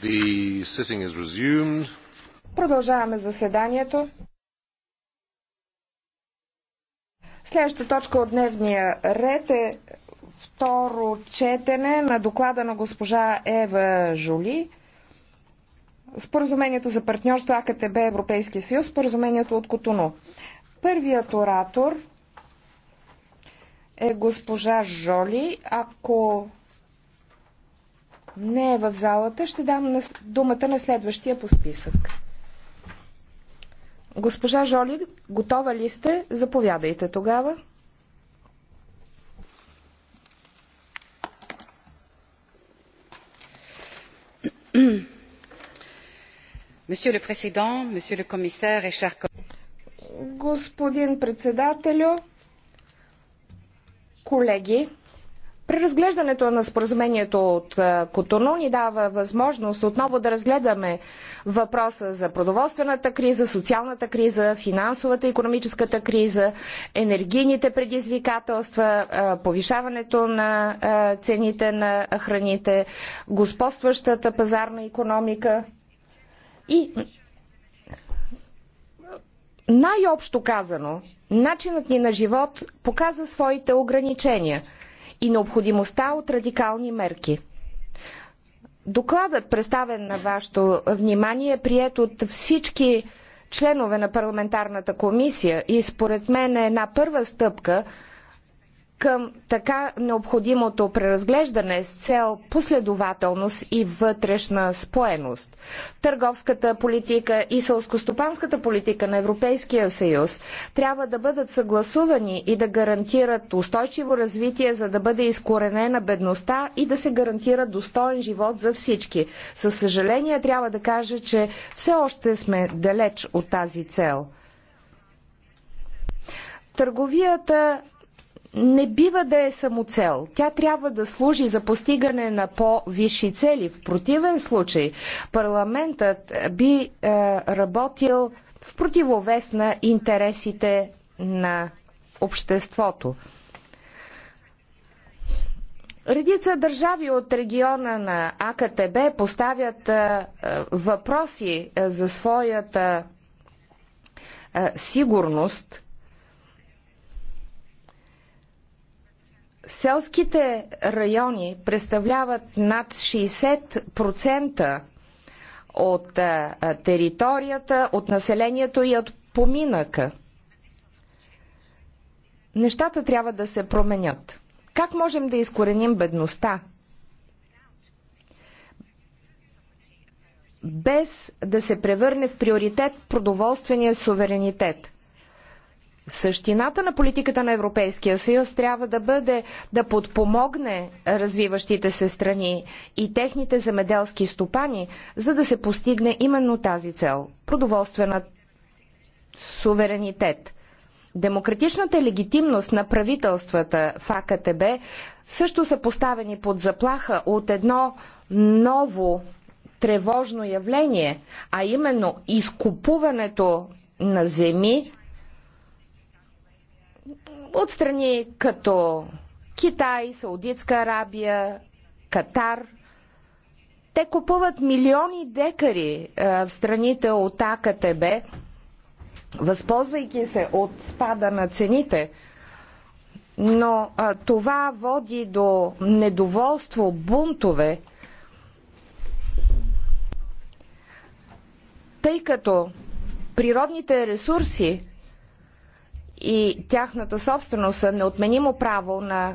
The sitting is resumed. Продължаваме заседанието. Следващата точка от дневния ред е второ четене на доклада на госпожа Ева Жоли. Споразумението за партньорство АКТБ Европейски съюз, споразумението от Котуно. Първият оратор е госпожа Жоли. Ако не е в залата, ще дам думата на следващия по списък. Госпожа Жоли, готова ли сте? Заповядайте тогава. Monsieur le Président, Monsieur le Commissaire et chers Господин председателю, колеги, Преразглеждането на споразумението от е, Котону ни дава възможност отново да разгледаме въпроса за продоволствената криза, социалната криза, финансовата и економическата криза, енергийните предизвикателства, е, повишаването на е, цените на храните, господстващата пазарна економика и най-общо казано, начинът ни на живот показа своите ограничения – и необходимостта от радикални мерки. Докладът, представен на вашето внимание, е прият от всички членове на парламентарната комисия и според мен е една първа стъпка – към така необходимото преразглеждане с цел последователност и вътрешна споеност. Търговската политика и сълскостопанската политика на Европейския съюз трябва да бъдат съгласувани и да гарантират устойчиво развитие, за да бъде изкоренена бедността и да се гарантира достоен живот за всички. Със съжаление трябва да кажа, че все още сме далеч от тази цел. Търговията не бива да е самоцел. Тя трябва да служи за постигане на по-висши цели. В противен случай парламентът би е, работил в противовес на интересите на обществото. Редица държави от региона на АКТБ поставят е, въпроси е, за своята е, сигурност – Селските райони представляват над 60% от територията, от населението и от поминъка. Нещата трябва да се променят. Как можем да изкореним бедността? Без да се превърне в приоритет продоволствения суверенитет. Същината на политиката на Европейския съюз трябва да бъде да подпомогне развиващите се страни и техните земеделски стопани, за да се постигне именно тази цел продоволствена суверенитет. Демократичната легитимност на правителствата в АКТБ също са поставени под заплаха от едно ново тревожно явление, а именно изкупуването на земи от страни като Китай, Саудитска Арабия, Катар. Те купуват милиони декари е, в страните от АКТБ, възползвайки се от спада на цените. Но а, е, това води до недоволство, бунтове, тъй като природните ресурси и тяхната собственост са неотменимо право на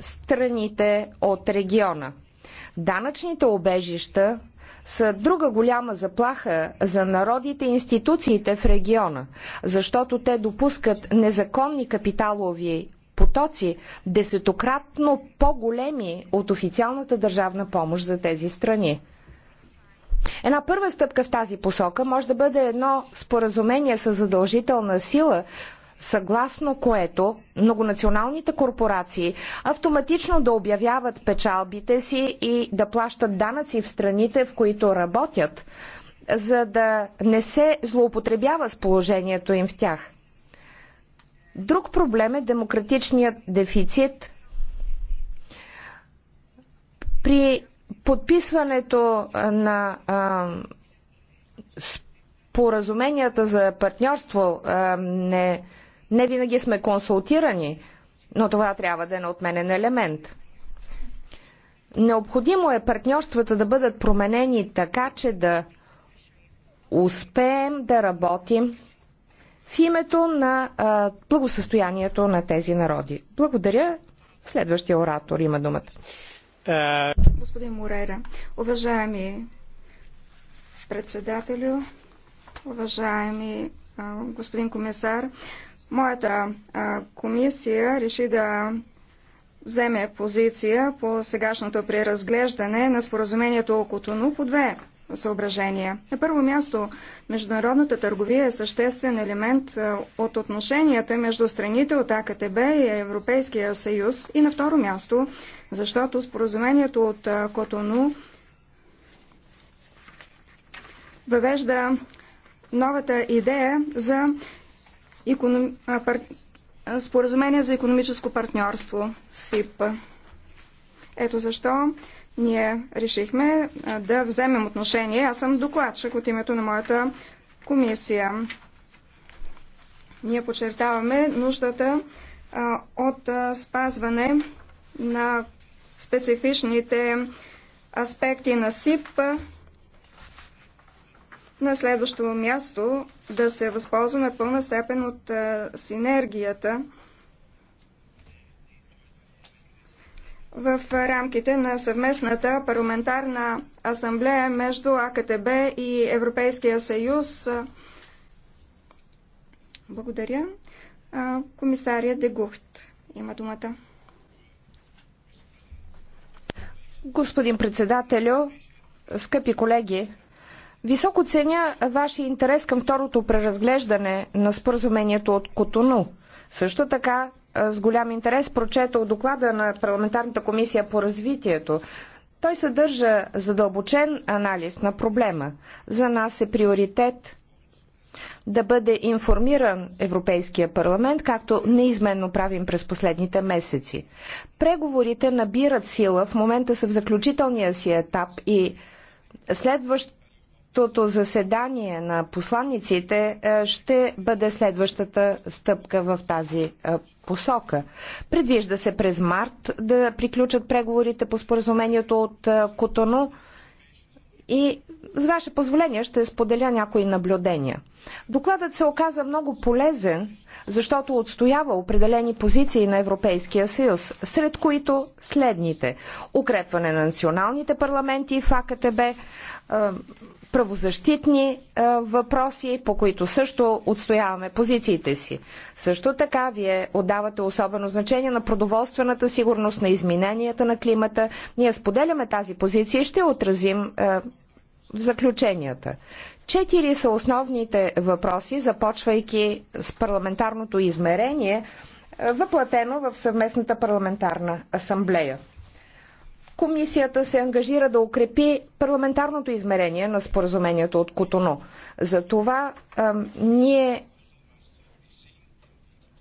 страните от региона. Данъчните обежища са друга голяма заплаха за народите и институциите в региона, защото те допускат незаконни капиталови потоци, десетократно по-големи от официалната държавна помощ за тези страни. Една първа стъпка в тази посока може да бъде едно споразумение с задължителна сила съгласно което многонационалните корпорации автоматично да обявяват печалбите си и да плащат данъци в страните, в които работят, за да не се злоупотребява с положението им в тях. Друг проблем е демократичният дефицит при подписването на а, споразуменията за партньорство а, не не винаги сме консултирани, но това трябва да е на отменен елемент. Необходимо е партньорствата да бъдат променени така, че да успеем да работим в името на а, благосъстоянието на тези народи. Благодаря. Следващия оратор има думата. Е, господин Морера, уважаеми председателю, уважаеми а, господин комисар, Моята комисия реши да вземе позиция по сегашното преразглеждане на споразумението но по две съображения. На първо място, международната търговия е съществен елемент от отношенията между страните от АКТБ и Европейския съюз. И на второ място, защото споразумението от Котону въвежда новата идея за економ... пар... споразумение за економическо партньорство СИП. Ето защо ние решихме да вземем отношение. Аз съм докладчик от името на моята комисия. Ние подчертаваме нуждата от спазване на специфичните аспекти на СИП на следващо място да се възползваме пълна степен от е, синергията в рамките на съвместната парламентарна асамблея между АКТБ и Европейския съюз. Благодаря. Комисария Дегухт има думата. Господин председателю, скъпи колеги, Високо ценя вашия интерес към второто преразглеждане на споразумението от Котону. Също така с голям интерес прочетох доклада на Парламентарната комисия по развитието. Той съдържа задълбочен анализ на проблема. За нас е приоритет да бъде информиран Европейския парламент, както неизменно правим през последните месеци. Преговорите набират сила, в момента са в заключителния си етап и следващ Тото заседание на посланниците е, ще бъде следващата стъпка в тази е, посока. Предвижда се през март да приключат преговорите по споразумението от е, Котону. и с ваше позволение ще споделя някои наблюдения. Докладът се оказа много полезен, защото отстоява определени позиции на Европейския съюз, сред които следните. Укрепване на националните парламенти и ФАКТБ, правозащитни е, въпроси, по които също отстояваме позициите си. Също така, вие отдавате особено значение на продоволствената сигурност, на измененията на климата. Ние споделяме тази позиция и ще отразим в е, заключенията. Четири са основните въпроси, започвайки с парламентарното измерение, е, въплатено в съвместната парламентарна асамблея. Комисията се ангажира да укрепи парламентарното измерение на споразумението от Котоно. За това а, ние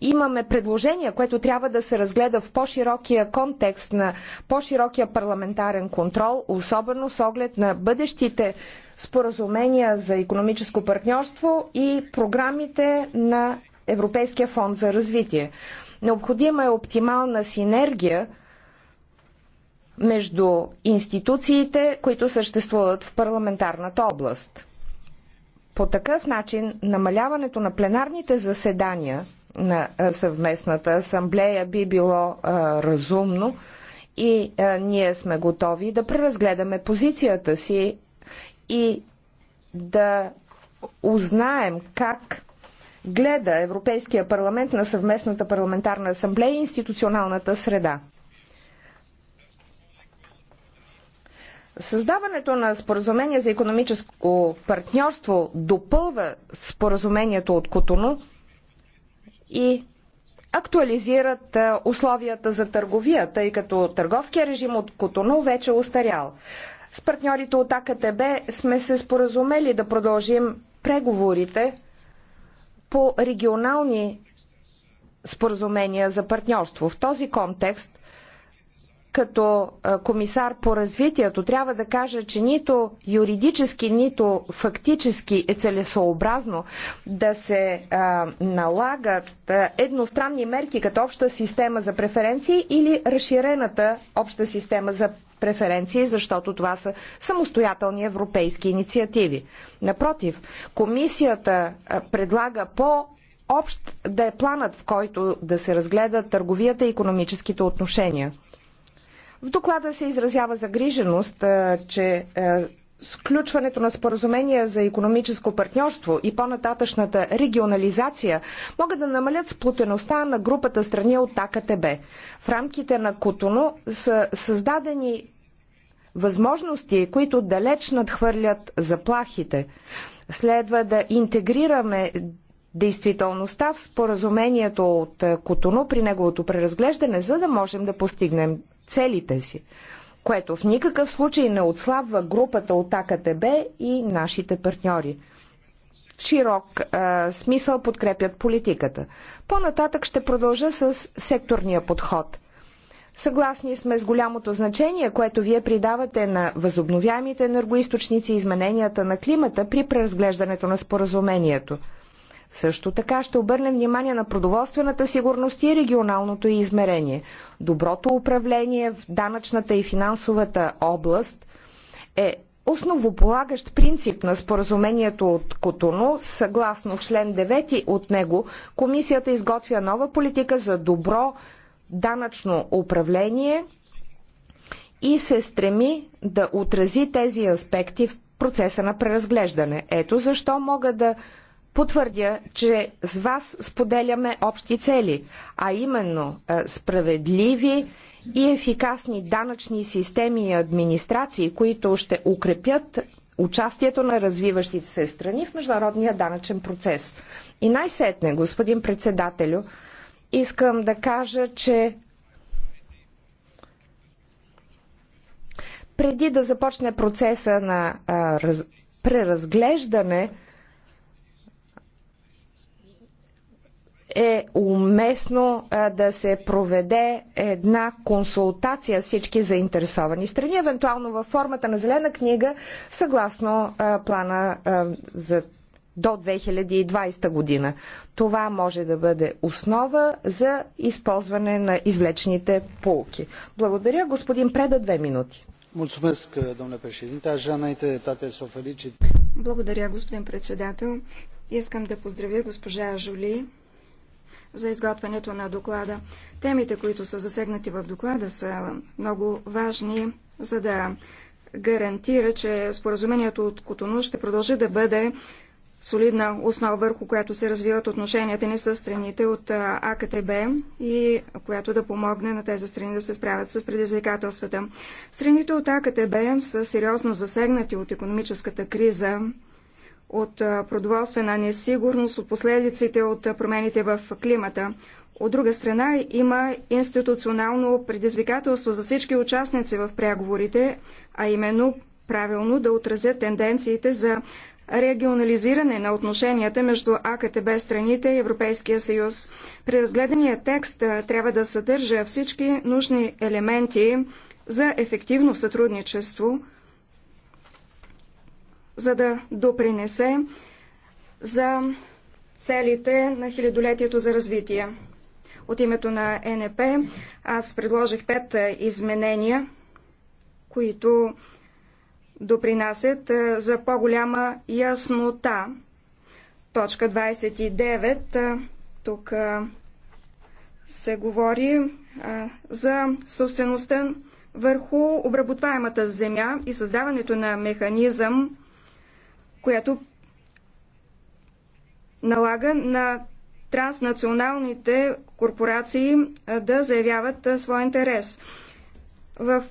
имаме предложение, което трябва да се разгледа в по-широкия контекст на по-широкия парламентарен контрол, особено с оглед на бъдещите споразумения за економическо партньорство и програмите на Европейския фонд за развитие. Необходима е оптимална синергия между институциите, които съществуват в парламентарната област. По такъв начин намаляването на пленарните заседания на съвместната асамблея би било а, разумно и а, ние сме готови да преразгледаме позицията си и да узнаем как гледа Европейския парламент на съвместната парламентарна асамблея и институционалната среда. Създаването на споразумение за економическо партньорство допълва споразумението от Котону и актуализират условията за търговия, тъй като търговския режим от Котону вече е устарял. С партньорите от АКТБ сме се споразумели да продължим преговорите по регионални споразумения за партньорство. В този контекст като комисар по развитието трябва да кажа, че нито юридически, нито фактически е целесообразно да се налагат едностранни мерки като обща система за преференции или разширената обща система за преференции, защото това са самостоятелни европейски инициативи. Напротив, комисията предлага по общ да е планът, в който да се разгледат търговията и економическите отношения. В доклада се изразява загриженост, че сключването на споразумения за економическо партньорство и по-нататъчната регионализация могат да намалят сплутеността на групата страни от АКТБ. В рамките на Котоно са създадени възможности, които далеч надхвърлят заплахите. Следва да интегрираме действителността в споразумението от Котоно при неговото преразглеждане, за да можем да постигнем целите си, което в никакъв случай не отслабва групата от АКТБ и нашите партньори. В широк а, смисъл подкрепят политиката. По-нататък ще продължа с секторния подход – Съгласни сме с голямото значение, което вие придавате на възобновяемите енергоисточници и измененията на климата при преразглеждането на споразумението. Също така ще обърнем внимание на продоволствената сигурност и регионалното измерение. Доброто управление в данъчната и финансовата област е основополагащ принцип на споразумението от Котоно, съгласно член 9 от него, комисията изготвя нова политика за добро данъчно управление и се стреми да отрази тези аспекти в процеса на преразглеждане. Ето защо мога да потвърдя, че с вас споделяме общи цели, а именно е, справедливи и ефикасни данъчни системи и администрации, които ще укрепят участието на развиващите се страни в международния данъчен процес. И най-сетне, господин председателю, искам да кажа, че преди да започне процеса на а, раз, преразглеждане, е уместно да се проведе една консултация с всички заинтересовани страни, евентуално във формата на зелена книга, съгласно плана за до 2020 година. Това може да бъде основа за използване на извлечените полки. Благодаря, господин Преда, две минути. Благодаря, господин председател. Искам да поздравя госпожа Жули за изготвянето на доклада. Темите, които са засегнати в доклада, са много важни, за да гарантира, че споразумението от Котону ще продължи да бъде солидна основа, върху която се развиват отношенията ни с страните от АКТБ и която да помогне на тези страни да се справят с предизвикателствата. Страните от АКТБ са сериозно засегнати от економическата криза от продоволствена несигурност, от последиците от промените в климата. От друга страна има институционално предизвикателство за всички участници в преговорите, а именно правилно да отразят тенденциите за регионализиране на отношенията между АКТБ страните и Европейския съюз. Преразгледаният текст трябва да съдържа всички нужни елементи за ефективно сътрудничество – за да допринесе за целите на хилядолетието за развитие. От името на НП аз предложих пет изменения, които допринасят за по-голяма яснота. Точка 29. Тук се говори за собствеността върху обработваемата земя и създаването на механизъм която налага на транснационалните корпорации да заявяват своя интерес. В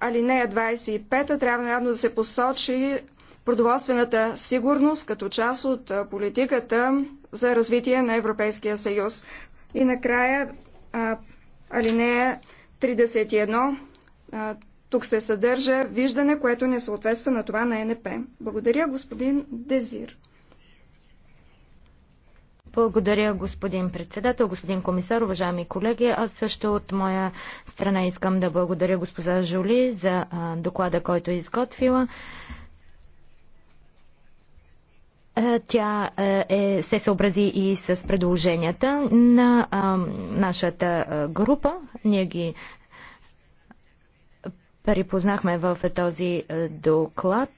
алинея 25 трябва явно да се посочи продоволствената сигурност като част от политиката за развитие на Европейския съюз. И накрая алинея 31 тук се съдържа виждане, което не съответства на това на НП. Благодаря, господин Дезир. Благодаря, господин председател, господин комисар, уважаеми колеги. Аз също от моя страна искам да благодаря госпожа Жули за а, доклада, който е изготвила. Тя е, се съобрази и с предложенията на а, нашата група. Ние ги припознахме в този е, доклад.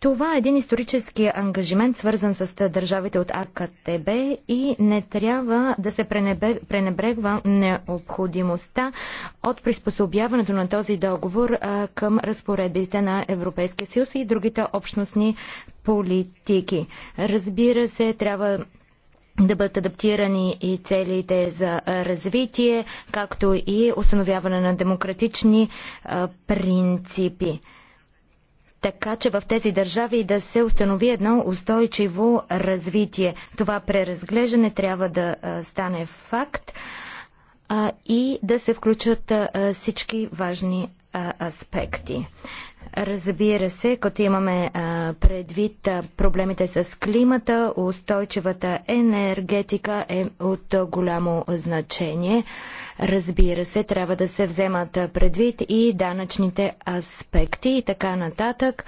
Това е един исторически ангажимент, свързан с е, държавите от АКТБ и не трябва да се пренебрегва необходимостта от приспособяването на този договор е, към разпоредбите на Европейския съюз и другите общностни политики. Разбира се, трябва да бъдат адаптирани и целите за развитие, както и установяване на демократични принципи. Така че в тези държави да се установи едно устойчиво развитие. Това преразглеждане трябва да стане факт и да се включат всички важни аспекти. Разбира се, като имаме а, предвид а, проблемите с климата, устойчивата енергетика е от а, голямо значение. Разбира се, трябва да се вземат предвид и данъчните аспекти и така нататък.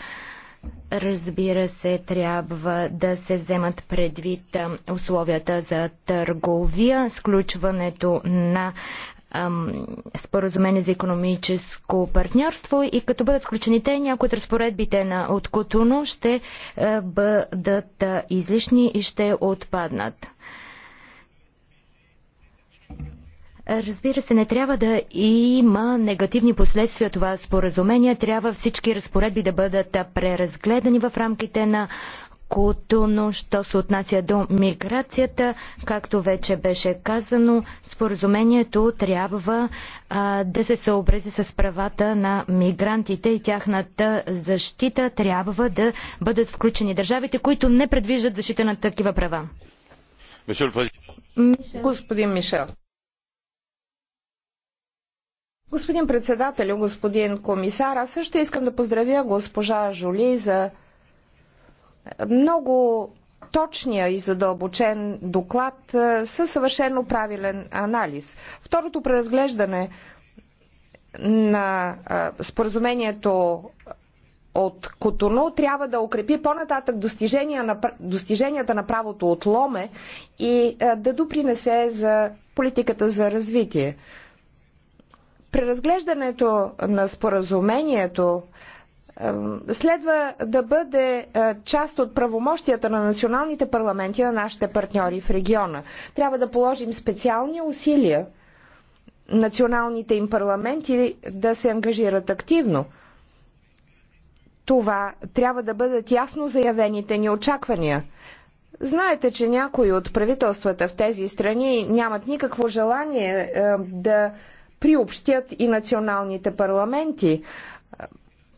Разбира се, трябва да се вземат предвид условията за търговия, сключването на споразумение за економическо партньорство и като бъдат включени те, някои от разпоредбите на от Котуно ще е, бъдат излишни и ще отпаднат. Разбира се, не трябва да има негативни последствия това споразумение. Трябва всички разпоредби да бъдат преразгледани в рамките на културно, що се отнася до миграцията, както вече беше казано, споразумението трябва а, да се съобрази с правата на мигрантите и тяхната защита трябва да бъдат включени държавите, които не предвиждат защита на такива права. Господин Мишел. Господин председател, господин комисар, аз също искам да поздравя госпожа Жоли за много точния и задълбочен доклад със съвършено правилен анализ. Второто преразглеждане на споразумението от Котоно трябва да укрепи по-нататък достижения на, достиженията на правото от Ломе и да допринесе за политиката за развитие. Преразглеждането на споразумението следва да бъде е, част от правомощията на националните парламенти на нашите партньори в региона. Трябва да положим специални усилия националните им парламенти да се ангажират активно. Това трябва да бъдат ясно заявените ни очаквания. Знаете, че някои от правителствата в тези страни нямат никакво желание е, да приобщят и националните парламенти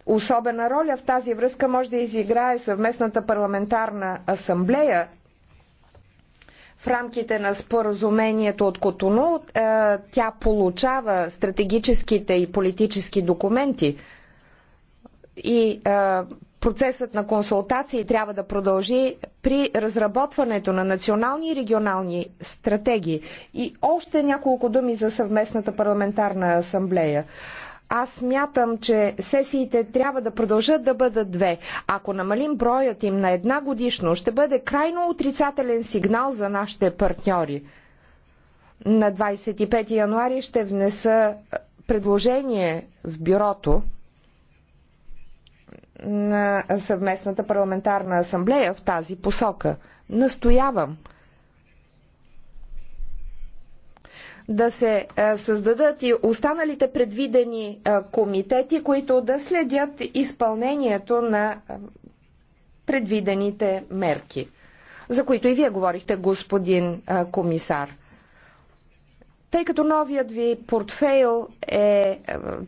Особена роля в тази връзка може да изиграе съвместната парламентарна асамблея в рамките на споразумението от Котону. Е, тя получава стратегическите и политически документи и е, процесът на консултации трябва да продължи при разработването на национални и регионални стратегии. И още няколко думи за съвместната парламентарна асамблея аз смятам, че сесиите трябва да продължат да бъдат две. Ако намалим броят им на една годишно, ще бъде крайно отрицателен сигнал за нашите партньори. На 25 януари ще внеса е, предложение в бюрото на съвместната парламентарна асамблея в тази посока. Настоявам – да се е, създадат и останалите предвидени е, комитети, които да следят изпълнението на е, предвидените мерки, за които и вие говорихте, господин комисар. Тъй като новият ви портфейл е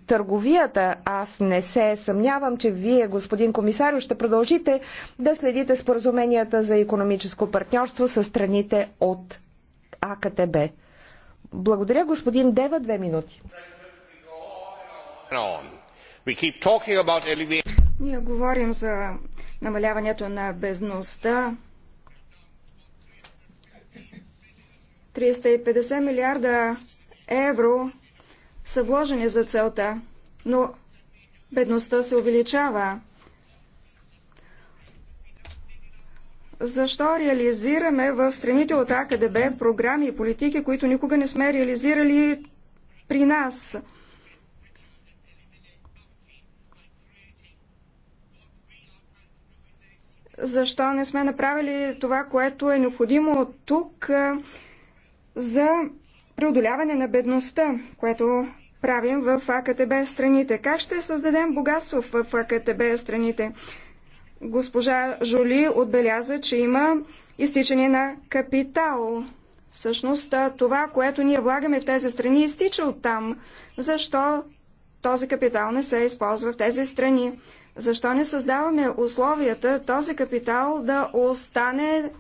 търговията, аз не се съмнявам, че вие, господин комисар, ще продължите да следите споразуменията за економическо партньорство с страните от АКТБ. Благодаря, господин Дева, две минути. Ние говорим за намаляването на безността. 350 милиарда евро са вложени за целта, но бедността се увеличава. Защо реализираме в страните от АКДБ програми и политики, които никога не сме реализирали при нас? Защо не сме направили това, което е необходимо тук за преодоляване на бедността, което правим в АКТБ страните? Как ще създадем богатство в АКТБ страните? Госпожа Жули отбеляза, че има изтичане на капитал. Всъщност това, което ние влагаме в тези страни, изтича от там. Защо този капитал не се използва в тези страни? Защо не създаваме условията този капитал да остане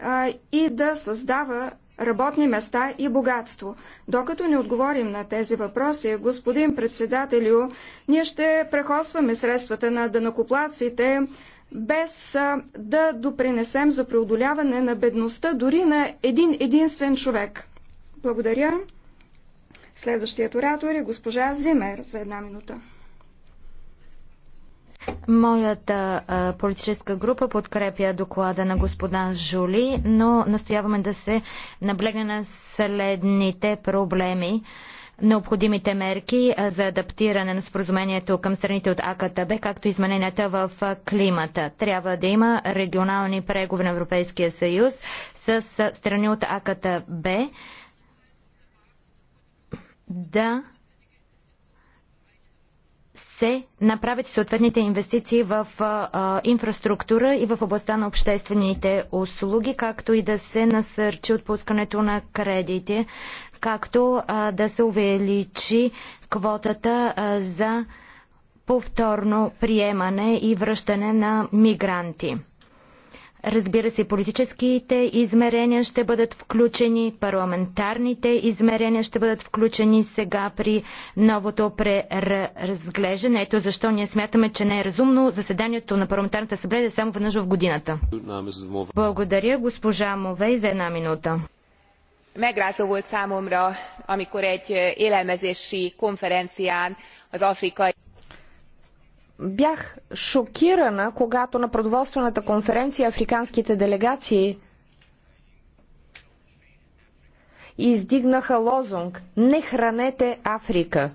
а, и да създава работни места и богатство. Докато не отговорим на тези въпроси, господин председателю, ние ще прехосваме средствата на дънакоплаците без да допринесем за преодоляване на бедността дори на един единствен човек. Благодаря. Следващият оратор е госпожа Зимер за една минута. Моята а, политическа група подкрепя доклада на господа Жули, но настояваме да се наблегне на следните проблеми. А, необходимите мерки за адаптиране на споразумението към страните от АКТБ, както измененията в климата. Трябва да има регионални преговори на Европейския съюз с страни от АКТБ да се направят съответните инвестиции в а, инфраструктура и в областта на обществените услуги, както и да се насърчи отпускането на кредити, както а, да се увеличи квотата а, за повторно приемане и връщане на мигранти. Разбира се, политическите измерения ще бъдат включени, парламентарните измерения ще бъдат включени сега при новото преразглеждане. Ето защо ние смятаме, че не е разумно заседанието на парламентарната събрание е само веднъж в годината. Благодаря госпожа Мовей за една минута. Megrázó volt számomra, amikor egy е, élelmezési az afrikai бях шокирана, когато на продоволствената конференция африканските делегации издигнаха лозунг Не хранете Африка!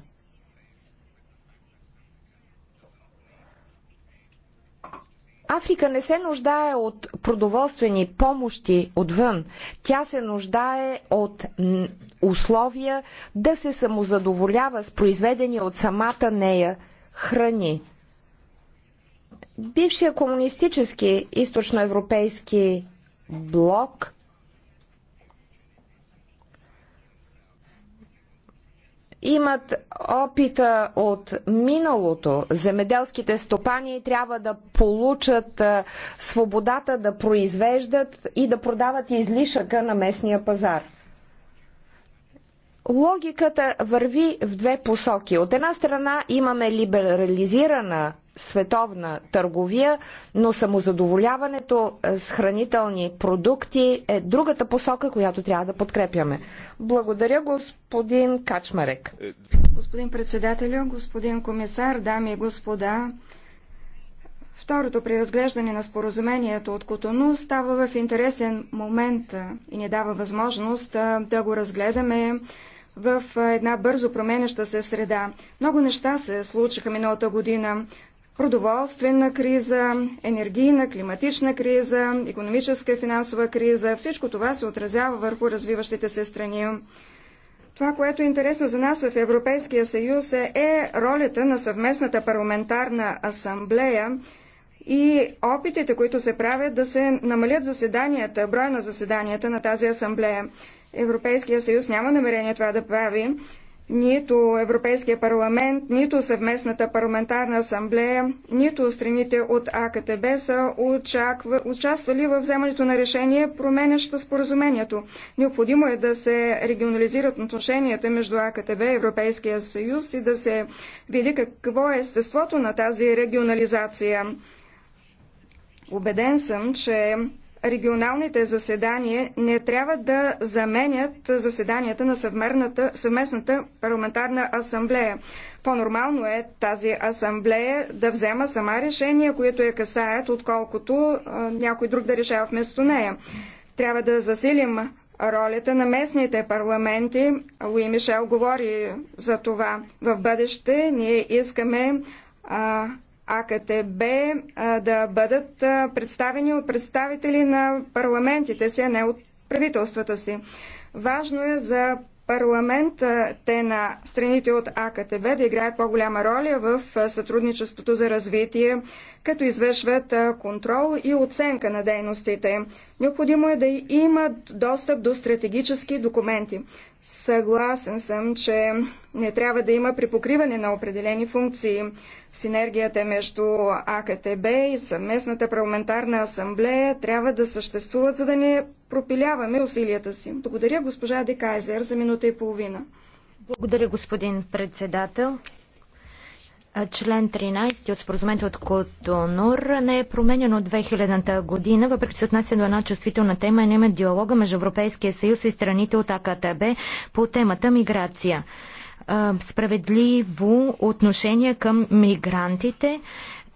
Африка не се нуждае от продоволствени помощи отвън. Тя се нуждае от условия да се самозадоволява с произведени от самата нея храни бившия комунистически източноевропейски блок имат опита от миналото. Земеделските стопани трябва да получат свободата да произвеждат и да продават излишъка на местния пазар. Логиката върви в две посоки. От една страна имаме либерализирана световна търговия, но самозадоволяването е, с хранителни продукти е другата посока, която трябва да подкрепяме. Благодаря господин Качмарек. Господин председателю, господин комисар, дами и господа, Второто преразглеждане на споразумението от Котону става в интересен момент и ни дава възможност да го разгледаме в една бързо променяща се среда. Много неща се случиха миналата година продоволствена криза, енергийна, климатична криза, економическа и финансова криза. Всичко това се отразява върху развиващите се страни. Това, което е интересно за нас в Европейския съюз е, е ролята на съвместната парламентарна асамблея и опитите, които се правят да се намалят заседанията, броя на заседанията на тази асамблея. Европейския съюз няма намерение това да прави, нито Европейския парламент, нито съвместната парламентарна асамблея, нито страните от АКТБ са очаква, участвали в вземането на решение, променяща споразумението. Необходимо е да се регионализират отношенията между АКТБ и Европейския съюз и да се види какво е естеството на тази регионализация. Убеден съм, че регионалните заседания не трябва да заменят заседанията на съвместната парламентарна асамблея. По-нормално е тази асамблея да взема сама решения, които я касаят, отколкото някой друг да решава вместо нея. Трябва да засилим ролята на местните парламенти. Луи Мишел говори за това. В бъдеще ние искаме а, АКТБ да бъдат представени от представители на парламентите си, а не от правителствата си. Важно е за те на страните от АКТБ да играят по-голяма роля в сътрудничеството за развитие, като извършват контрол и оценка на дейностите. Необходимо е да имат достъп до стратегически документи. Съгласен съм, че не трябва да има припокриване на определени функции. Синергията между АКТБ и съвместната парламентарна асамблея трябва да съществуват, за да не пропиляваме усилията си. Благодаря госпожа Декайзер за минута и половина. Благодаря, господин председател. Член 13 от споразумението от Котонур не е променен от 2000-та година, въпреки че се отнася до една чувствителна тема и не диалога между Европейския съюз и страните от АКТБ по темата миграция справедливо отношение към мигрантите,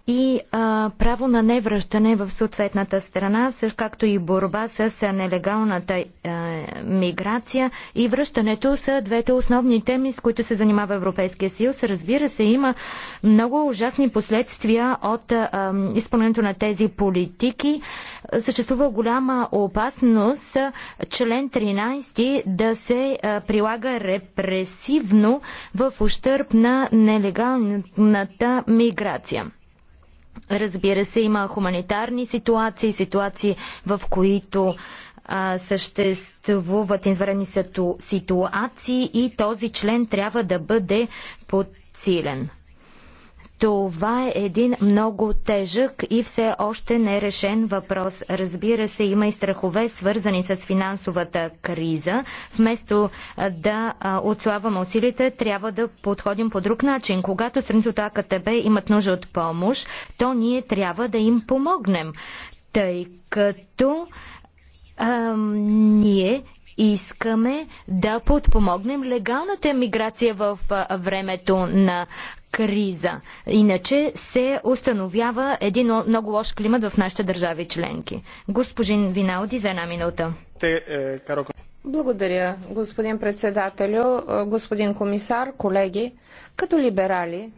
и а, право на невръщане в съответната страна, също както и борба с нелегалната а, е, миграция и връщането са двете основни теми, с които се занимава Европейския съюз. Разбира се, има много ужасни последствия от а, изпълнението на тези политики. Съществува голяма опасност член 13 да се а, прилага репресивно в ущърп на нелегалната миграция. Разбира се, има хуманитарни ситуации, ситуации в които а, съществуват извънредни ситуации и този член трябва да бъде подсилен. Това е един много тежък и все още нерешен въпрос. Разбира се, има и страхове, свързани с финансовата криза. Вместо да отславаме усилите, трябва да подходим по друг начин. Когато страните от АКТБ имат нужда от помощ, то ние трябва да им помогнем, тъй като а, ние искаме да подпомогнем легалната миграция в времето на криза. Иначе се установява един много лош климат в нашите държави членки. Господин Виналди, за една минута. Е, Благодаря, господин председателю, е, господин комисар, колеги. Като либерали,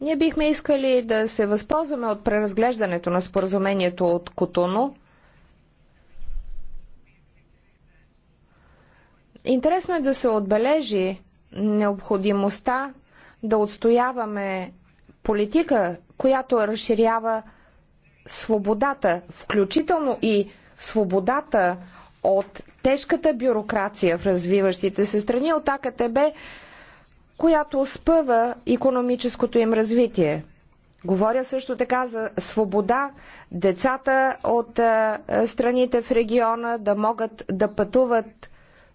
ние бихме искали да се възползваме от преразглеждането на споразумението от Котуно – Интересно е да се отбележи необходимостта да отстояваме политика, която разширява свободата, включително и свободата от тежката бюрокрация в развиващите се страни от АКТБ, която спъва економическото им развитие. Говоря също така за свобода децата от страните в региона да могат да пътуват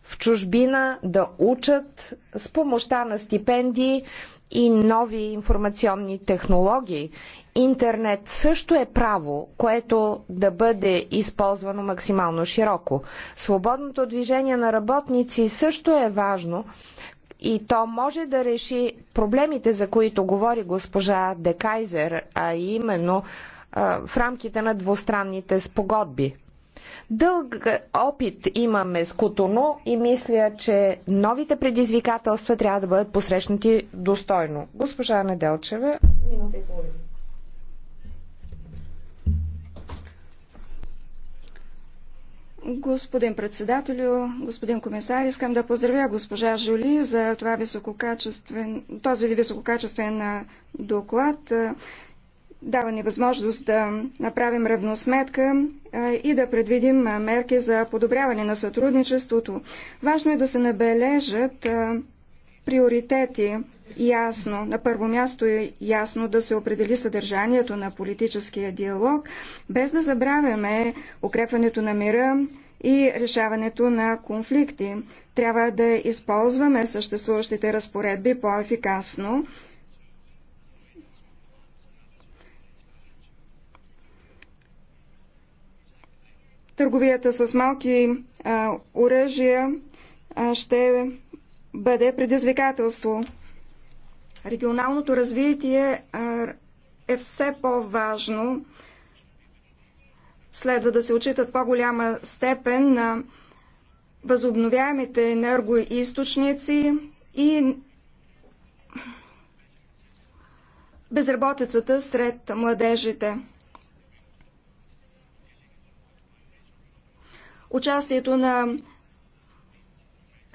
в чужбина да учат с помощта на стипендии и нови информационни технологии. Интернет също е право, което да бъде използвано максимално широко. Свободното движение на работници също е важно и то може да реши проблемите, за които говори госпожа Декайзер, а именно в рамките на двустранните спогодби. Дълг опит имаме с Кутуно и мисля, че новите предизвикателства трябва да бъдат посрещнати достойно. Госпожа Неделчева, минута и половина. Господин председателю, господин комисар, искам да поздравя госпожа Жули за това висококачествен, този висококачествен доклад дава ни възможност да направим равносметка и да предвидим мерки за подобряване на сътрудничеството. Важно е да се набележат приоритети ясно. На първо място е ясно да се определи съдържанието на политическия диалог, без да забравяме укрепването на мира и решаването на конфликти. Трябва да използваме съществуващите разпоредби по-ефикасно търговията с малки а, оръжия а, ще бъде предизвикателство. Регионалното развитие а, е все по-важно. Следва да се отчитат по-голяма степен на възобновяемите енергоисточници и безработицата сред младежите. Участието на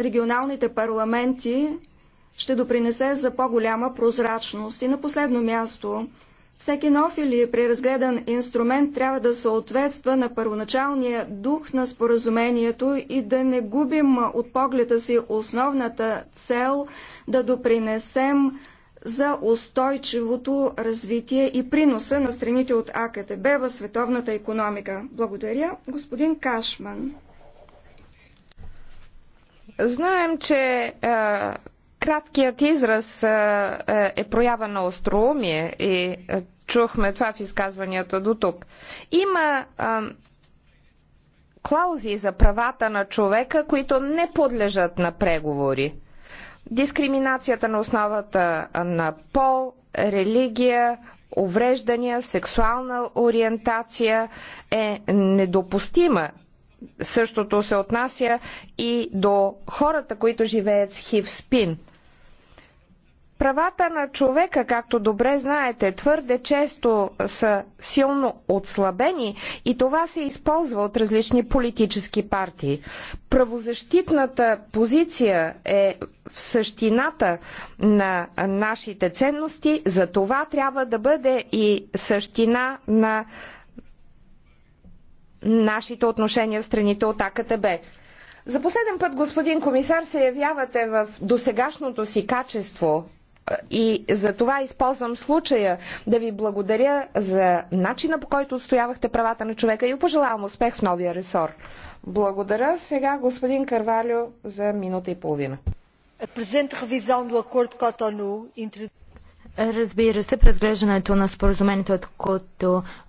регионалните парламенти ще допринесе за по-голяма прозрачност. И на последно място, всеки нов или преразгледан инструмент трябва да съответства на първоначалния дух на споразумението и да не губим от погледа си основната цел да допринесем за устойчивото развитие и приноса на страните от АКТБ в световната економика. Благодаря, господин Кашман. Знаем, че е, краткият израз е, е проява на остроумие и е, чухме това в изказванията до тук. Има е, клаузи за правата на човека, които не подлежат на преговори дискриминацията на основата на пол, религия, увреждания, сексуална ориентация е недопустима. Същото се отнася и до хората, които живеят с хив спин. Правата на човека, както добре знаете, твърде често са силно отслабени и това се използва от различни политически партии. Правозащитната позиция е в същината на нашите ценности, за това трябва да бъде и същина на нашите отношения с страните от АКТБ. За последен път, господин комисар, се явявате в досегашното си качество и за това използвам случая да ви благодаря за начина по който отстоявахте правата на човека и пожелавам успех в новия ресор. Благодаря сега господин Карвалю за минута и половина. Е, Разбира се, разглеждането на споразумението от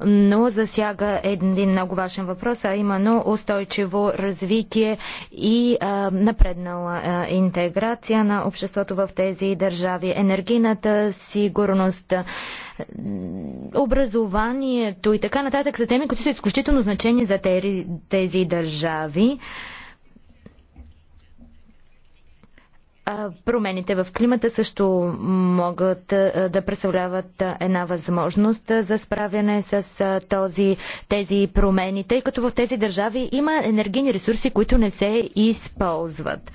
но засяга един много важен въпрос, а именно устойчиво развитие и а, напреднала а, интеграция на обществото в тези държави, енергийната сигурност, образованието и така нататък са теми, които са изключително значени за тези държави. Промените в климата също могат да представляват една възможност за справяне с този, тези промени, тъй като в тези държави има енергийни ресурси, които не се използват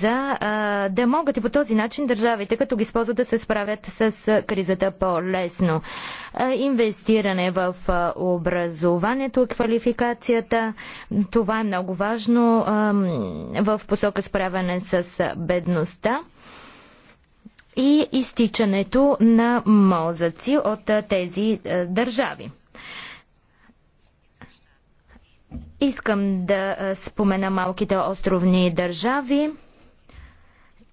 за а, да могат и по този начин държавите, като ги използват, да се справят с кризата по-лесно. инвестиране в а, образованието, квалификацията, това е много важно а, в посока справяне с бедността и изтичането на мозъци от тези държави. Искам да спомена малките островни държави,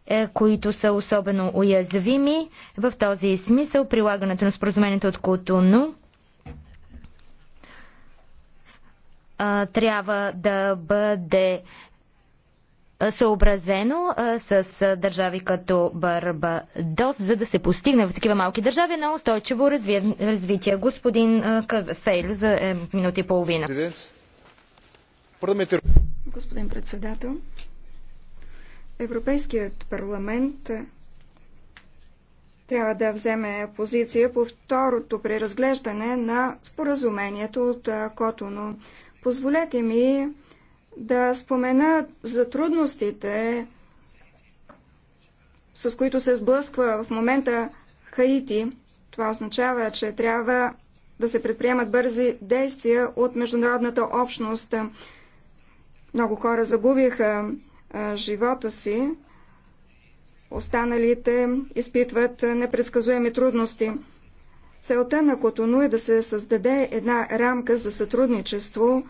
е, които са особено уязвими. В този смисъл прилагането на споразумението от Котону трябва да бъде съобразено с държави като Барбадос, за да се постигне в такива малки държави на устойчиво развитие. Господин Фейл за е, минути и половина. Господин председател, Европейският парламент трябва да вземе позиция по второто преразглеждане на споразумението от Котоно. Позволете ми да спомена за трудностите, с които се сблъсква в момента Хаити. Това означава, че трябва да се предприемат бързи действия от международната общност. Много хора загубиха живота си, останалите изпитват непредсказуеми трудности. Целта на Котону е да се създаде една рамка за сътрудничество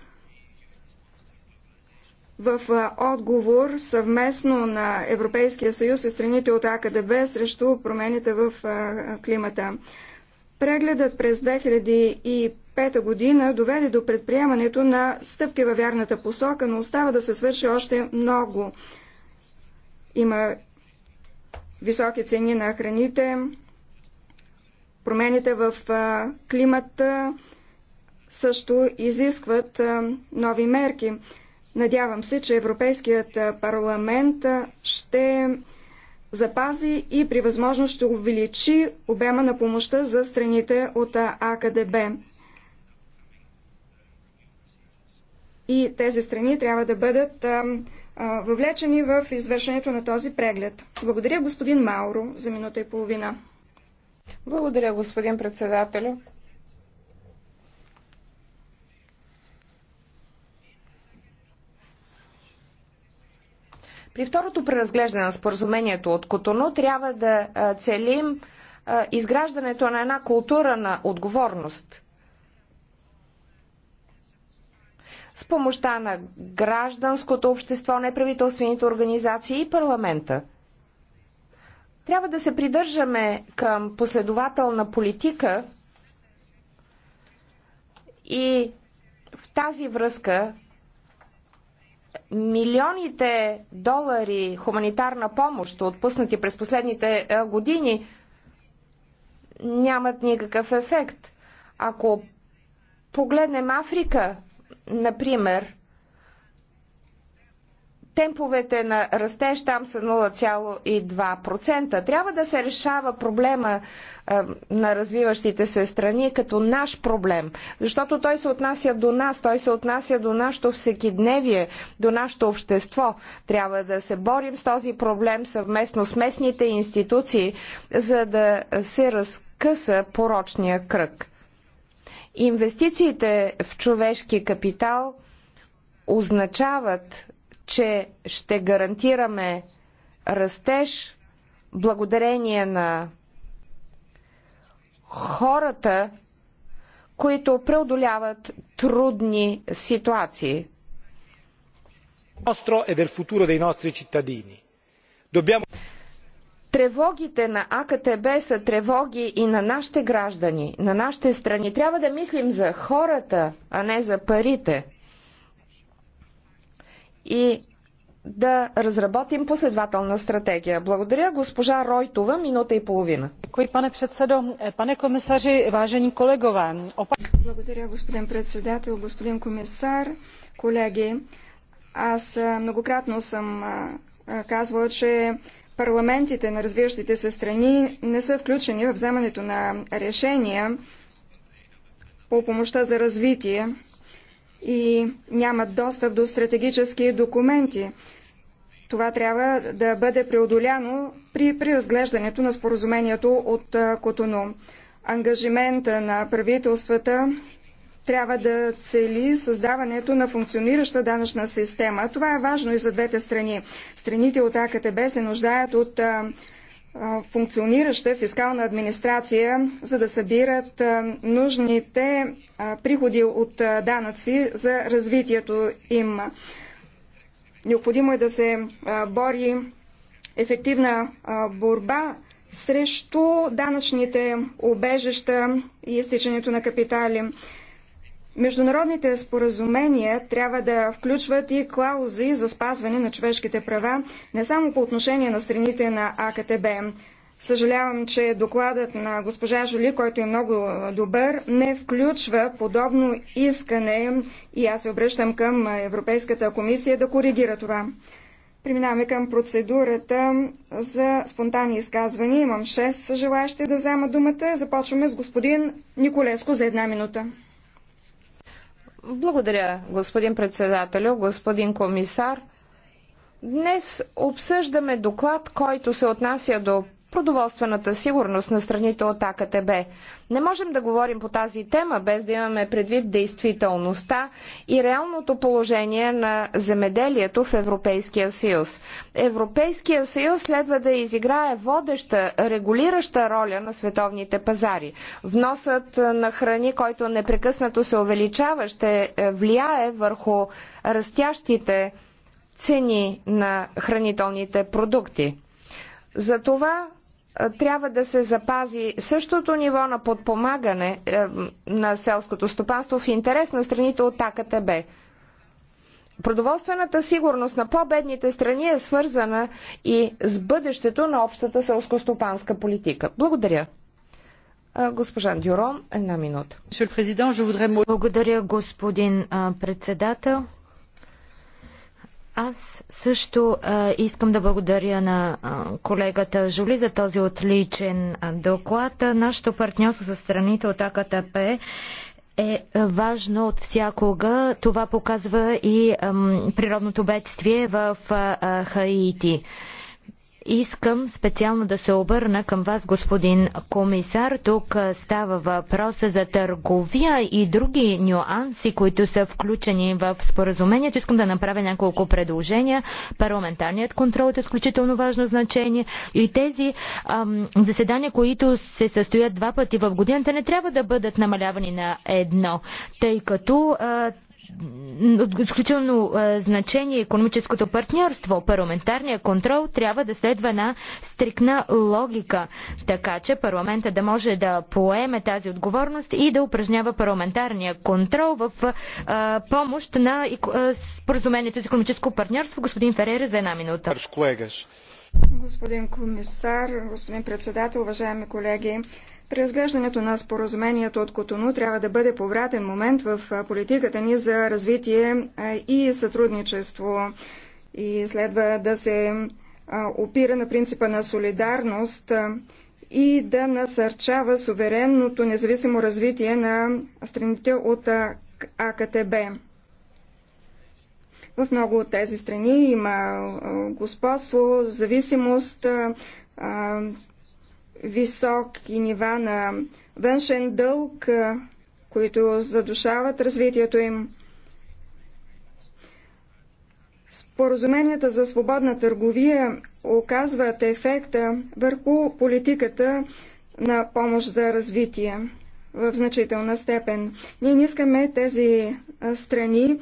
в отговор съвместно на Европейския съюз и страните от АКДБ срещу промените в климата. Прегледът през 2005 година доведе до предприемането на стъпки във вярната посока, но остава да се свърши още много. Има високи цени на храните, промените в климата също изискват нови мерки. Надявам се, че Европейският парламент ще запази и при възможност ще увеличи обема на помощта за страните от АКДБ. И тези страни трябва да бъдат въвлечени в извършването на този преглед. Благодаря господин Мауро за минута и половина. Благодаря господин председателю. При второто преразглеждане на споразумението от Котоно трябва да целим изграждането на една култура на отговорност. С помощта на гражданското общество, неправителствените организации и парламента. Трябва да се придържаме към последователна политика и в тази връзка милионите долари хуманитарна помощ, отпуснати през последните е, години, нямат никакъв ефект. Ако погледнем Африка, например, Темповете на растеж там са 0,2%. Трябва да се решава проблема е, на развиващите се страни като наш проблем, защото той се отнася до нас, той се отнася до нашето всекидневие, до нашето общество. Трябва да се борим с този проблем съвместно с местните институции, за да се разкъса порочния кръг. Инвестициите в човешки капитал означават че ще гарантираме растеж благодарение на хората, които преодоляват трудни ситуации. E Тревогите на АКТБ са тревоги и на нашите граждани, на нашите страни. Трябва да мислим за хората, а не за парите и да разработим последователна стратегия. Благодаря госпожа Ройтова, минута и половина. Благодаря господин председател, господин комисар, колеги. Аз многократно съм казвала, че парламентите на развиващите се страни не са включени в вземането на решения по помощта за развитие и нямат достъп до стратегически документи. Това трябва да бъде преодоляно при преразглеждането на споразумението от Котону. Ангажимента на правителствата трябва да цели създаването на функционираща данъчна система. Това е важно и за двете страни. Страните от АКТБ се нуждаят от функционираща фискална администрация, за да събират нужните приходи от данъци за развитието им. Необходимо е да се бори ефективна борба срещу данъчните обежища и изтичането на капитали. Международните споразумения трябва да включват и клаузи за спазване на човешките права, не само по отношение на страните на АКТБ. Съжалявам, че докладът на госпожа Жоли, който е много добър, не включва подобно искане и аз се обръщам към Европейската комисия да коригира това. Преминаваме към процедурата за спонтанни изказвания. Имам 6 желаещи да взема думата. Започваме с господин Николеско за една минута. Благодаря, господин председателю, господин комисар. Днес обсъждаме доклад, който се отнася до продоволствената сигурност на страните от АКТБ. Не можем да говорим по тази тема без да имаме предвид действителността и реалното положение на земеделието в Европейския съюз. Европейския съюз следва да изиграе водеща, регулираща роля на световните пазари. Вносът на храни, който непрекъснато се увеличава, ще е, влияе върху растящите цени на хранителните продукти. Затова трябва да се запази същото ниво на подпомагане е, на селското стопанство в интерес на страните от АКТБ. Продоволствената сигурност на по-бедните страни е свързана и с бъдещето на общата селскостопанска политика. Благодаря. Госпожа Дюрон, една минута. Благодаря, господин председател. Аз също а, искам да благодаря на а, колегата Жули за този отличен а, доклад. Нашето партньорство с страните от АКТП е, е важно от всякога. Това показва и а, природното бедствие в а, Хаити. Искам специално да се обърна към вас, господин комисар. Тук става въпроса за търговия и други нюанси, които са включени в споразумението. Искам да направя няколко предложения. Парламентарният контрол е изключително важно значение и тези ам, заседания, които се състоят два пъти в годината, не трябва да бъдат намалявани на едно, тъй като а, от изключително е, значение е економическото партньорство. Парламентарния контрол трябва да следва на стрикна логика, така че парламента да може да поеме тази отговорност и да упражнява парламентарния контрол в а, е, помощ на споразумението за економическо партньорство. Господин Ферера, за една минута. Господин комисар, господин председател, уважаеми колеги, преразглеждането на споразумението от Котону трябва да бъде повратен момент в политиката ни за развитие и сътрудничество и следва да се опира на принципа на солидарност и да насърчава суверенното независимо развитие на страните от АКТБ. В много от тези страни има господство, зависимост, високи нива на външен дълг, които задушават развитието им. Споразуменията за свободна търговия оказват ефекта върху политиката на помощ за развитие в значителна степен. Ние не искаме тези страни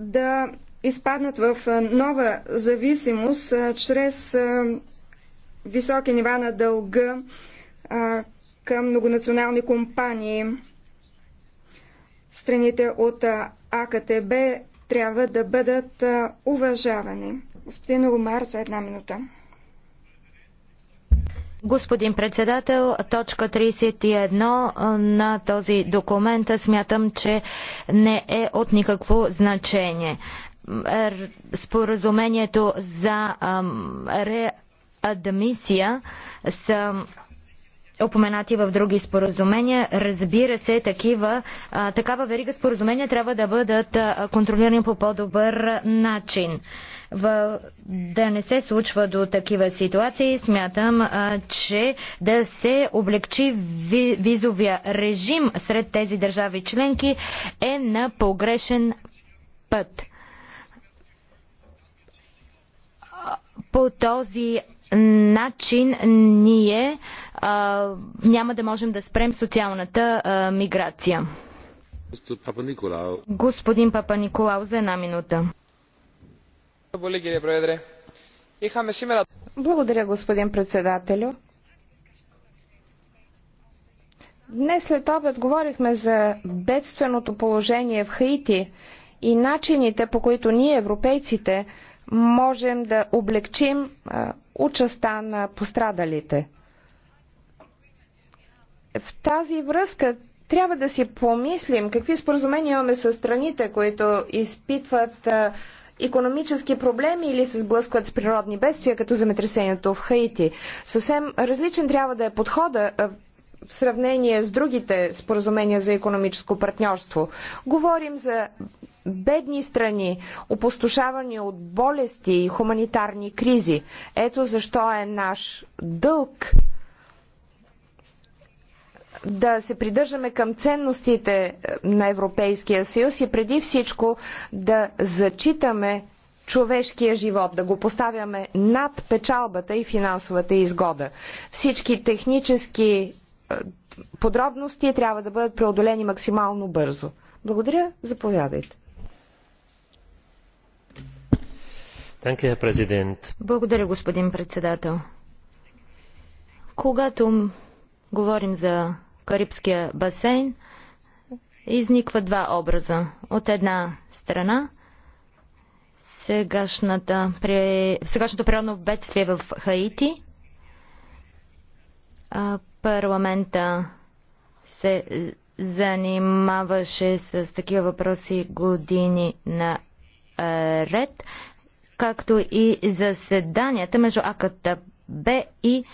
да изпаднат в нова зависимост чрез високи нива на дълга към многонационални компании. Страните от АКТБ трябва да бъдат уважавани. Господин Омар, за една минута. Господин председател, точка 31 на този документ смятам, че не е от никакво значение. Споразумението за реадмисия са опоменати в други споразумения. Разбира се, такива, а, такава верига споразумения трябва да бъдат контролирани по по-добър начин. В, да не се случва до такива ситуации, смятам, а, че да се облегчи ви, визовия режим сред тези държави членки е на погрешен път. По този начин ние а, няма да можем да спрем социалната а, миграция. Господин Папа Николао, за една минута. Благодаря, господин председателю. Днес след обед говорихме за бедственото положение в Хаити и начините по които ние, европейците, можем да облегчим от частта на пострадалите. В тази връзка трябва да си помислим какви споразумения имаме с страните, които изпитват економически проблеми или се сблъскват с природни бедствия, като земетресението в Хаити. Съвсем различен трябва да е подхода в сравнение с другите споразумения за економическо партньорство. Говорим за бедни страни, опустошавани от болести и хуманитарни кризи. Ето защо е наш дълг да се придържаме към ценностите на Европейския съюз и преди всичко да зачитаме човешкия живот, да го поставяме над печалбата и финансовата изгода. Всички технически подробности трябва да бъдат преодолени максимално бързо. Благодаря, заповядайте. Благодаря, господин председател. Когато говорим за Карибския басейн, изникват два образа. От една страна сегашната, сегашното природно бедствие в Хаити, Парламента се занимаваше с такива въпроси години на ред, както и заседанията между АКТБ и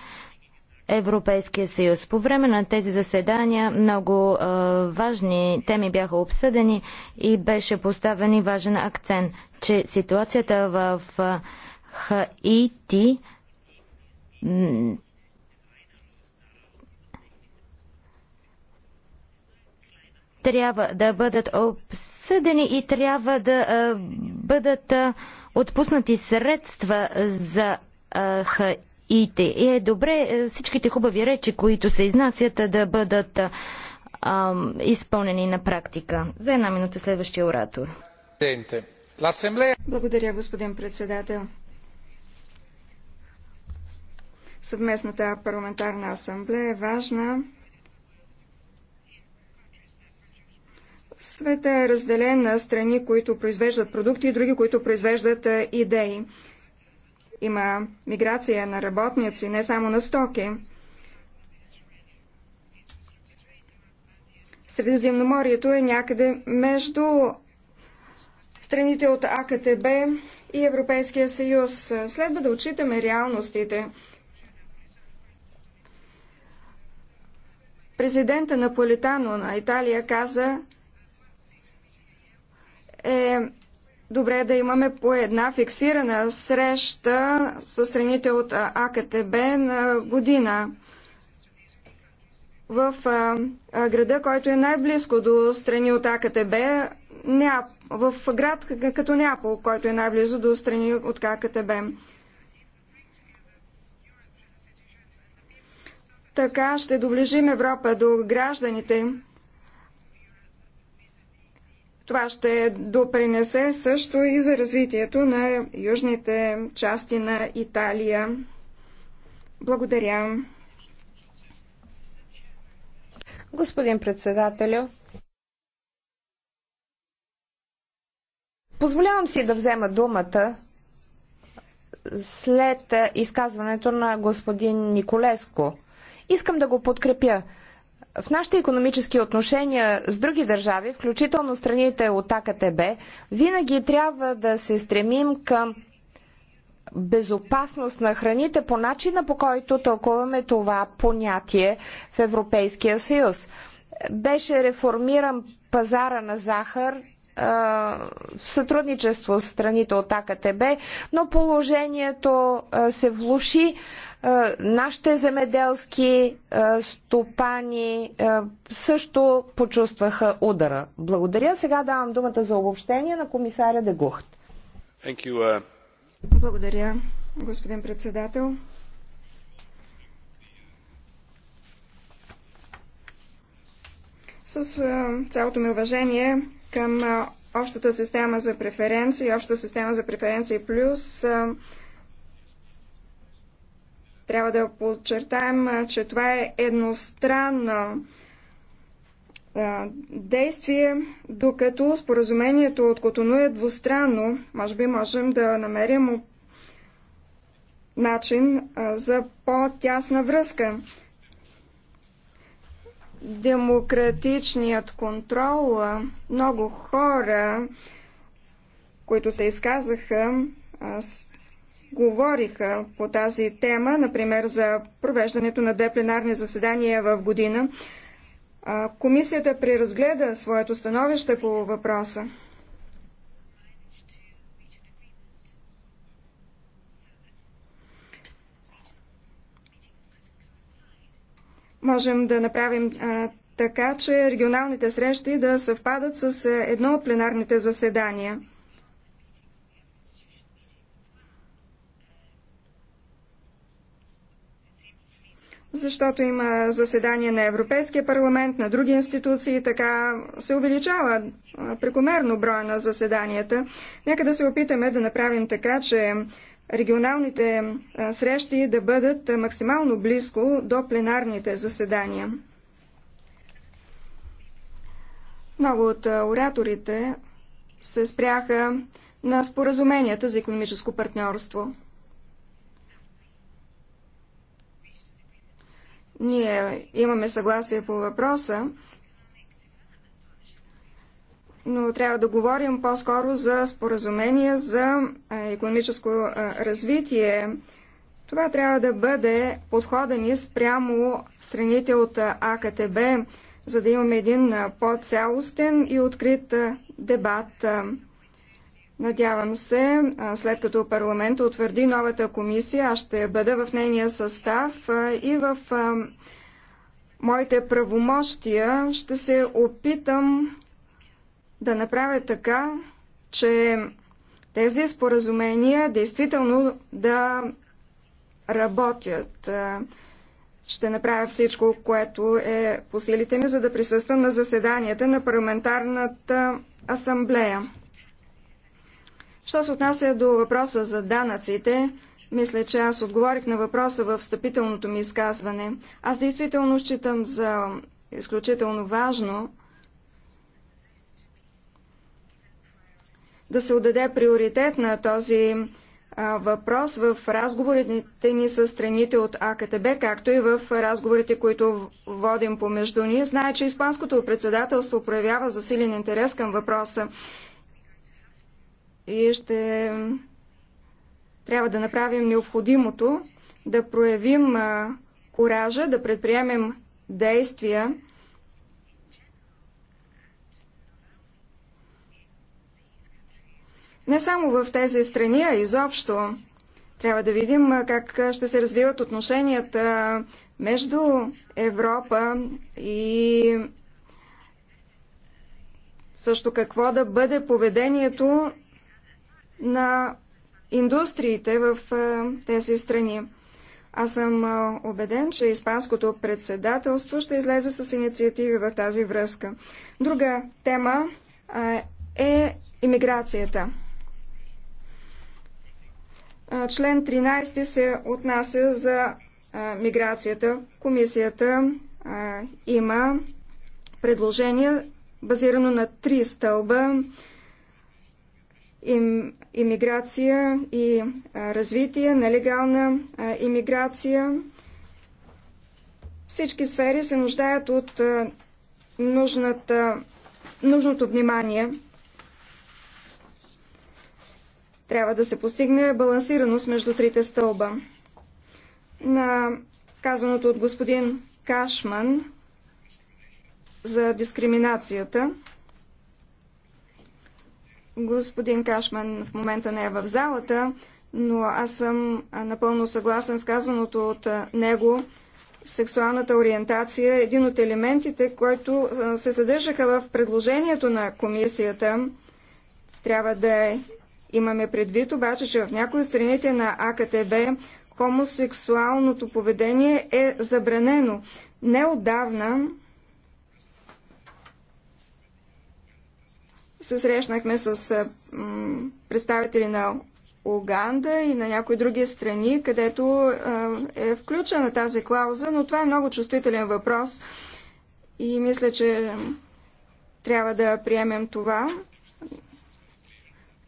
Европейския съюз. По време на тези заседания много е, важни теми бяха обсъдени и беше поставен и важен акцент, че ситуацията в Хаити трябва да бъдат обсъдени и трябва да бъдат отпуснати средства за хаите. И е добре е, всичките хубави речи, които се изнасят, да бъдат изпълнени на практика. За една минута следващия оратор. Благодаря, господин председател. Съвместната парламентарна асамблея е важна Света е разделен на страни, които произвеждат продукти и други, които произвеждат идеи. Има миграция на работници, не само на стоки. Средиземноморието е някъде между страните от АКТБ и Европейския съюз. Следва да отчитаме реалностите. Президента Наполитано на Италия каза, е добре да имаме по една фиксирана среща с страните от АКТБ на година в града, който е най-близко до страни от АКТБ, в град като Няпол, който е най-близо до страни от АКТБ. Така ще доближим Европа до гражданите това ще допринесе също и за развитието на южните части на Италия. Благодаря. Господин председателю, позволявам си да взема думата след изказването на господин Николеско. Искам да го подкрепя. В нашите економически отношения с други държави, включително страните от АКТБ, винаги трябва да се стремим към безопасност на храните по начина по който тълкуваме това понятие в Европейския съюз. Беше реформиран пазара на захар в сътрудничество с страните от АКТБ, но положението се влуши е, нашите земеделски е, стопани е, също почувстваха удара. Благодаря. Сега давам думата за обобщение на комисаря Дегухт. Uh, Благодаря, господин председател. С цялото ми уважение към общата система за преференции, обща система за преференции плюс, трябва да подчертаем, че това е едностранно действие, докато споразумението от Котону е двустранно. Може би можем да намерим начин за по-тясна връзка. Демократичният контрол, много хора, които се изказаха, говориха по тази тема, например за провеждането на две пленарни заседания в година. Комисията преразгледа своето становище по въпроса. Можем да направим а, така, че регионалните срещи да съвпадат с едно от пленарните заседания. защото има заседание на Европейския парламент, на други институции, така се увеличава прекомерно броя на заседанията. Нека да се опитаме да направим така, че регионалните срещи да бъдат максимално близко до пленарните заседания. Много от ораторите се спряха на споразуменията за економическо партньорство. Ние имаме съгласие по въпроса, но трябва да говорим по-скоро за споразумение за економическо развитие. Това трябва да бъде подхода ни спрямо страните от АКТБ, за да имаме един по-цялостен и открит дебат. Надявам се, след като парламент утвърди новата комисия, аз ще бъда в нейния състав и в моите правомощия ще се опитам да направя така, че тези споразумения действително да работят. Ще направя всичко, което е по силите ми, за да присъствам на заседанията на парламентарната асамблея. Що се отнася до въпроса за данъците, мисля, че аз отговорих на въпроса в встъпителното ми изказване. Аз действително считам за изключително важно да се отдаде приоритет на този въпрос в разговорите ни с страните от АКТБ, както и в разговорите, които водим помежду ни. Знае, че Испанското председателство проявява засилен интерес към въпроса и ще трябва да направим необходимото, да проявим коража, да предприемем действия, не само в тези страни, а изобщо. Трябва да видим как ще се развиват отношенията между Европа и също какво да бъде поведението на индустриите в тези страни. Аз съм убеден, че Испанското председателство ще излезе с инициативи в тази връзка. Друга тема е иммиграцията. Член 13 се отнася за миграцията. Комисията има предложение базирано на три стълба им, иммиграция и а, развитие, нелегална а, иммиграция. Всички сфери се нуждаят от а, нужната, нужното внимание. Трябва да се постигне балансираност между трите стълба. На казаното от господин Кашман за дискриминацията – Господин Кашман в момента не е в залата, но аз съм напълно съгласен с казаното от него. Сексуалната ориентация е един от елементите, който се съдържаха в предложението на комисията. Трябва да имаме предвид обаче, че в някои страните на АКТБ хомосексуалното поведение е забранено. Неодавна се срещнахме с представители на Уганда и на някои други страни, където е включена тази клауза, но това е много чувствителен въпрос и мисля, че трябва да приемем това.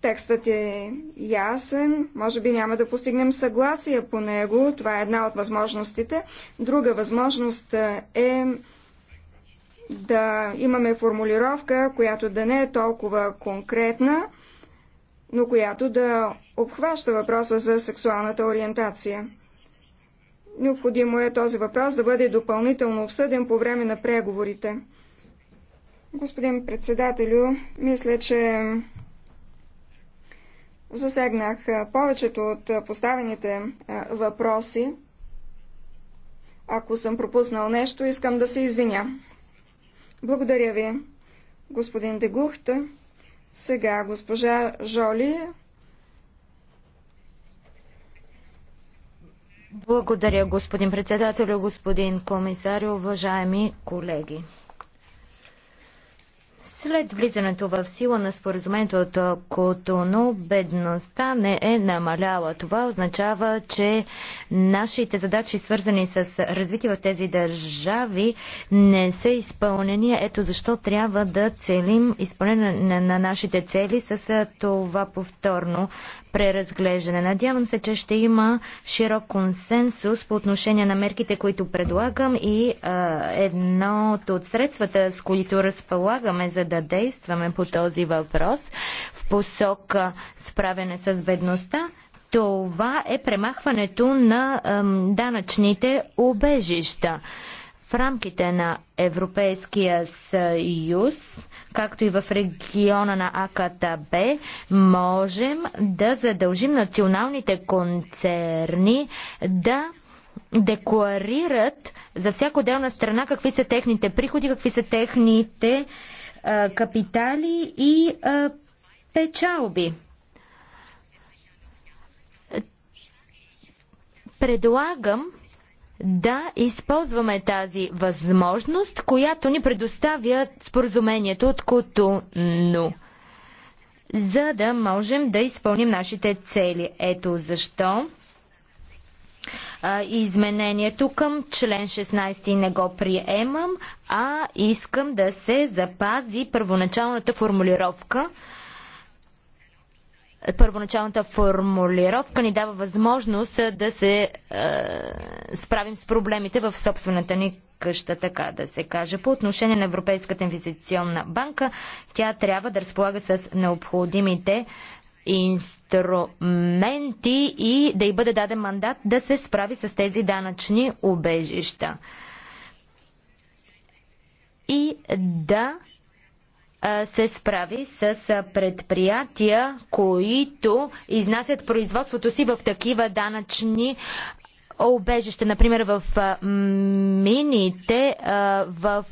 Текстът е ясен, може би няма да постигнем съгласие по него, това е една от възможностите. Друга възможност е да имаме формулировка, която да не е толкова конкретна, но която да обхваща въпроса за сексуалната ориентация. Необходимо е този въпрос да бъде допълнително обсъден по време на преговорите. Господин председателю, мисля, че засегнах повечето от поставените въпроси. Ако съм пропуснал нещо, искам да се извиня. Благодаря ви, господин Дегухта. Сега госпожа Жоли. Благодаря, господин председател, господин комисар, уважаеми колеги. След влизането в сила на споразумението от Котоно, бедността не е намаляла. Това означава, че нашите задачи, свързани с развитие в тези държави, не са изпълнени. Ето защо трябва да целим изпълнение на нашите цели с това повторно преразглеждане. Надявам се, че ще има широк консенсус по отношение на мерките, които предлагам и а, едното от средствата, с които разполагаме за да действаме по този въпрос в посока справяне с бедността, това е премахването на ем, данъчните убежища. В рамките на Европейския съюз, както и в региона на АКТБ, можем да задължим националните концерни да декларират за всяко отделна страна какви са техните приходи, какви са техните капитали и печалби. Предлагам да използваме тази възможност, която ни предоставя споразумението от Котону, за да можем да изпълним нашите цели. Ето защо изменението към член 16 не го приемам, а искам да се запази първоначалната формулировка. Първоначалната формулировка ни дава възможност да се е, справим с проблемите в собствената ни къща, така да се каже. По отношение на Европейската инвестиционна банка, тя трябва да разполага с необходимите инструменти и да й бъде даден мандат да се справи с тези данъчни убежища. И да се справи с предприятия, които изнасят производството си в такива данъчни обежище, например в мините в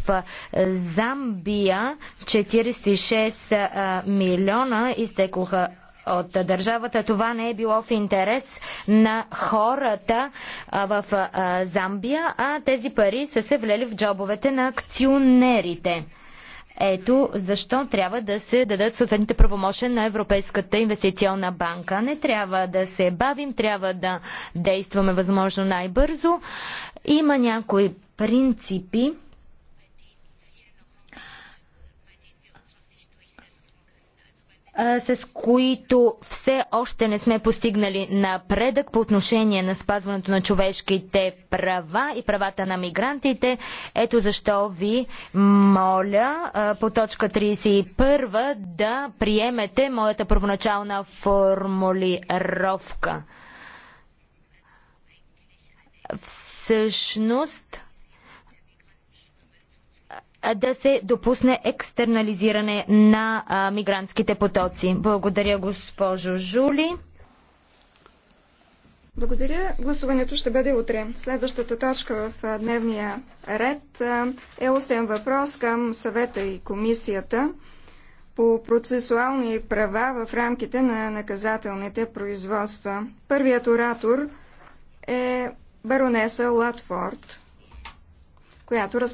Замбия 46 милиона изтекоха от държавата. Това не е било в интерес на хората в Замбия, а тези пари са се влели в джобовете на акционерите. Ето защо трябва да се дадат съответните правомощия на Европейската инвестиционна банка. Не трябва да се бавим, трябва да действаме възможно най-бързо. Има някои принципи, с които все още не сме постигнали напредък по отношение на спазването на човешките права и правата на мигрантите. Ето защо ви моля по точка 31 да приемете моята първоначална формулировка. Всъщност, да се допусне екстернализиране на а, мигрантските потоци. Благодаря, госпожо Жули. Благодаря. Гласуването ще бъде утре. Следващата точка в дневния ред е устен въпрос към съвета и комисията по процесуални права в рамките на наказателните производства. Първият оратор е баронеса Латфорд, която разполага